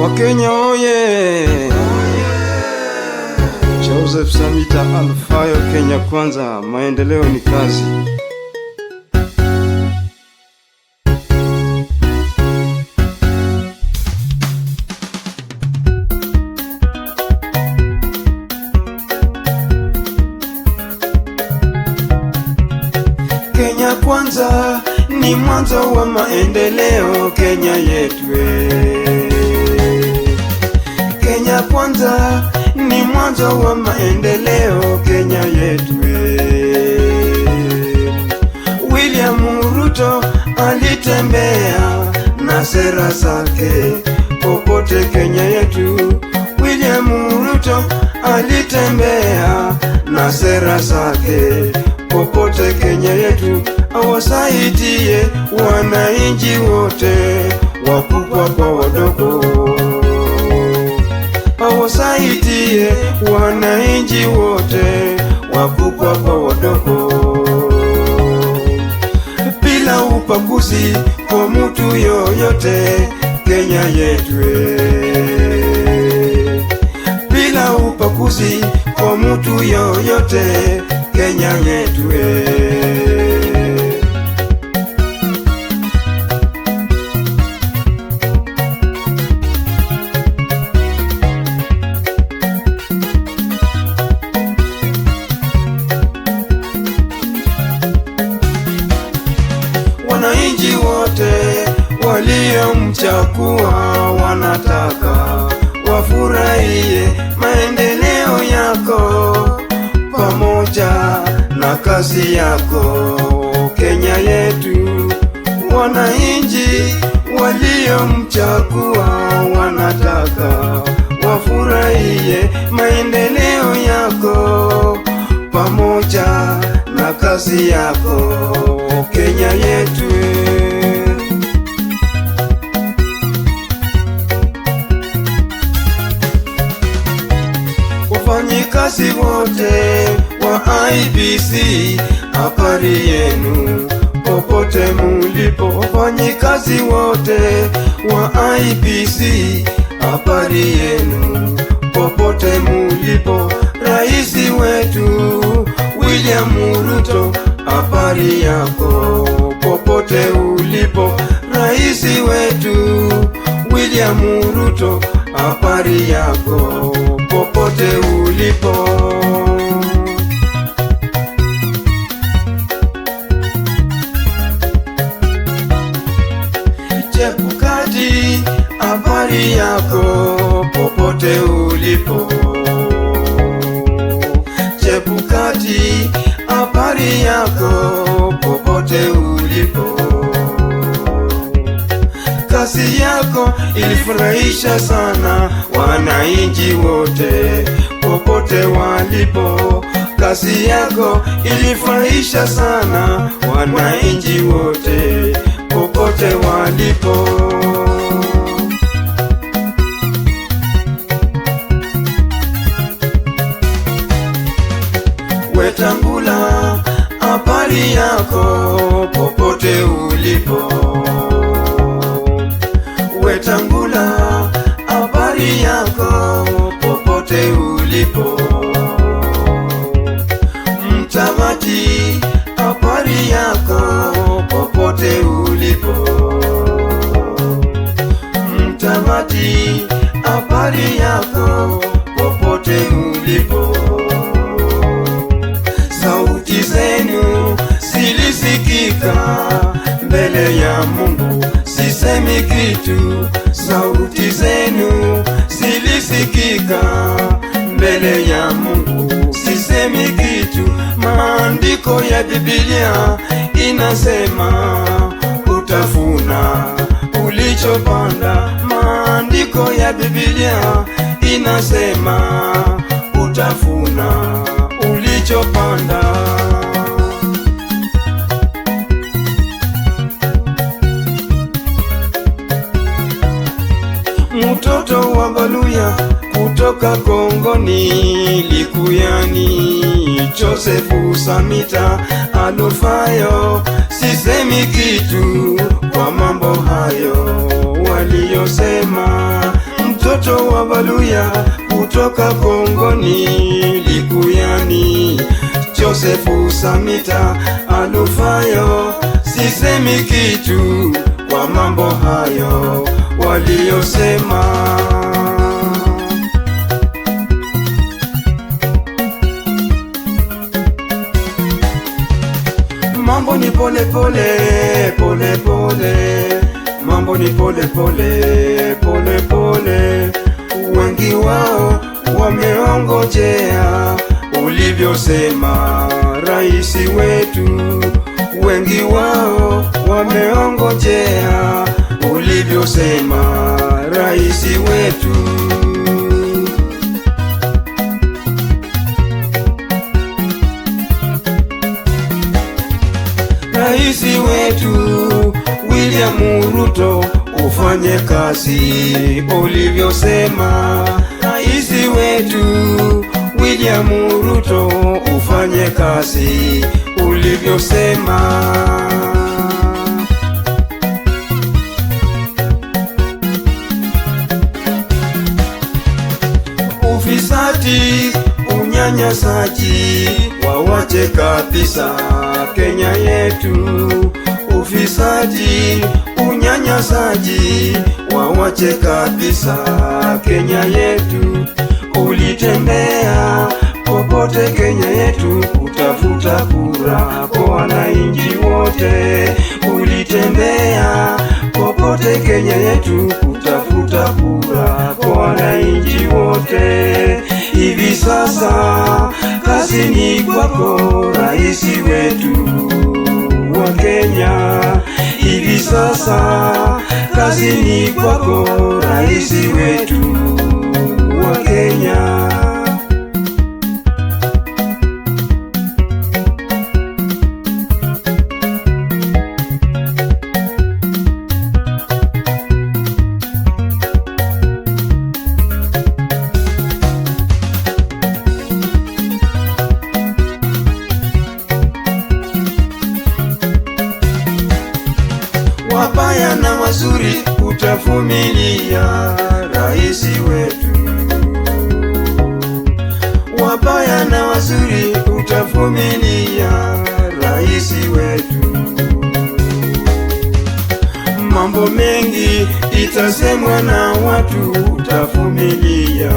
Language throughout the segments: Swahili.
Wakenya oye! Oh Joseph Samita Alfayo, Kenya kwanza, maendeleo ni kazi. Kenya kwanza ni mwanzo wa maendeleo, Kenya yetu. Eh. kwanza ni mwanzo wa maendeleo Kenya yetu. William Ruto alitembea na sera zake popote Kenya yetu. William Ruto alitembea na sera zake popote Kenya yetu, awasaidie wananchi wote wakubwa kwa wadogo wasaidie wananchi wote, wakubwa kwa wadogo, bila ubaguzi kwa mtu yoyote. Kenya yetu, eh. bila ubaguzi kwa mtu yoyote. Kenya yetu. Eh. waliomchakua wanataka wafurahie maendeleo yako pamoja na kazi yako. Kenya yetu, wananchi waliomchakua wanataka wafurahie maendeleo yako pamoja na kazi yako Kenya yetu. wafanyikazi wote wa IEBC, habari yenu popote mulipo. Wafanyikazi wote wa IEBC, habari yenu popote mulipo. Rais wetu William Ruto, habari yako popote ulipo. Rais wetu William Ruto, habari yako popote ulipo. Chebukati, habari yako popote ulipo. Chebukati, habari yako popote ulipo nafasi yako ilifurahisha sana wananchi wote popote walipo. Kazi yako ilifurahisha sana wananchi wote popote walipo. Wetangula, habari yako popote ulipo safari yako popote ulipo, sauti zenu zilisikika mbele ya Mungu. Sisemi kitu, sauti zenu zilisikika mbele ya Mungu. Sisemi kitu, maandiko ya Biblia inasema utafuna ulichopanda. Maandiko ya Biblia inasema utafuna ulichopanda. Mtoto wa Baluya kutoka Kongoni Likuyani, Josefu Samita alufayo sisemi kitu kwa mambo hayo waliyosema mtoto wa Baluya kutoka Kongoni Likuyani Josefu Samita alufayo, sisemi kitu kwa mambo hayo waliyosema. Mambo ni pole pole pole pole mambo ni pole pole pole pole, wengi wao wameongojea ulivyosema rais wetu, wengi wao wameongojea ulivyosema rais wetu. Rais wetu William Ruto ufanye kazi ulivyosema, raisi wetu William Ruto ufanye kazi ulivyosema. Ufisadi, unyanyasaji wawache kabisa Kenya yetu ukandamizaji, unyanyasaji, wawache kabisa. Kenya yetu ulitembea popote, Kenya yetu kutafuta kura kwa wananchi wote, ulitembea popote, Kenya yetu kutafuta kura kwa wananchi wote. Hivi sasa kazi ni kwako, rais wetu wa Kenya hivi sasa ni kwako, raisi wetu mazuri utavumilia, Rais wetu. Wabaya na wazuri utavumilia, Rais wetu. Mambo mengi itasemwa na watu, utavumilia.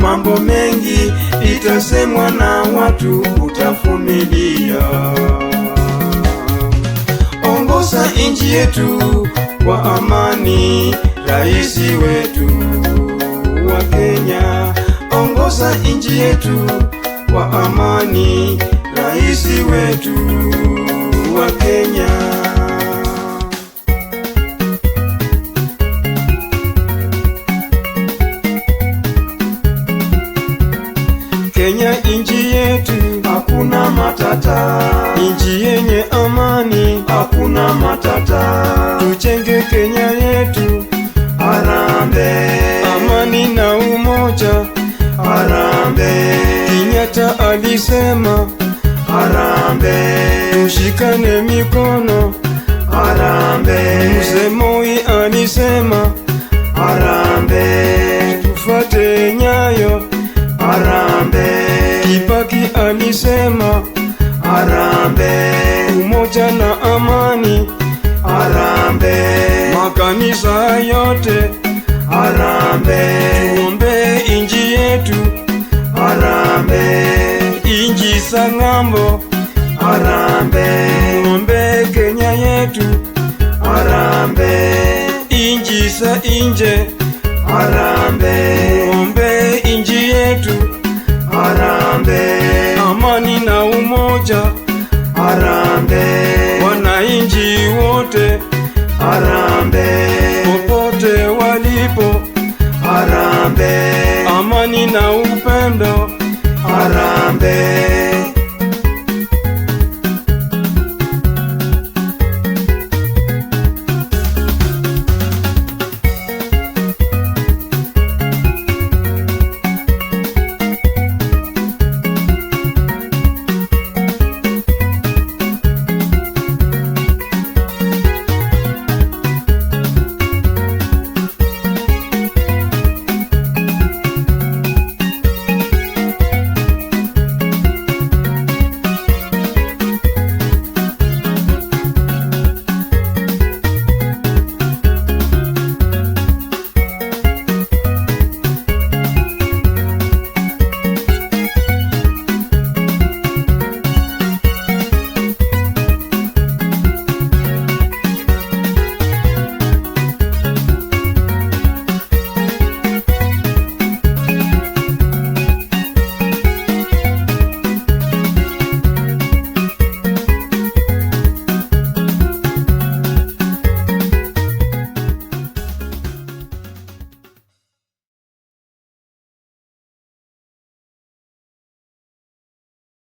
Mambo mengi itasemwa na watu, utavumilia kuongoza inji yetu kwa amani. raisi wetu wa Kenya, ongoza inji yetu kwa amani. raisi wetu Kenya yetu. Arambe, Amani na umoja. Arambe, Kenyatta alisema. Arambe, Tushikane mikono. Arambe, Mzee Moi alisema. Arambe, Tufate nyayo. Arambe, Kibaki alisema. Arambe, Umoja na amani kanisa yote arambe, tuombe inji yetu arambe, inji za ng'ambo harambe, tuombe Kenya yetu arambe, inji sa inje arambe, tuombe inji yetu arambe, amani na umoja arambe, wana inji wote arambe. Harambe, amani na upendo. Harambe.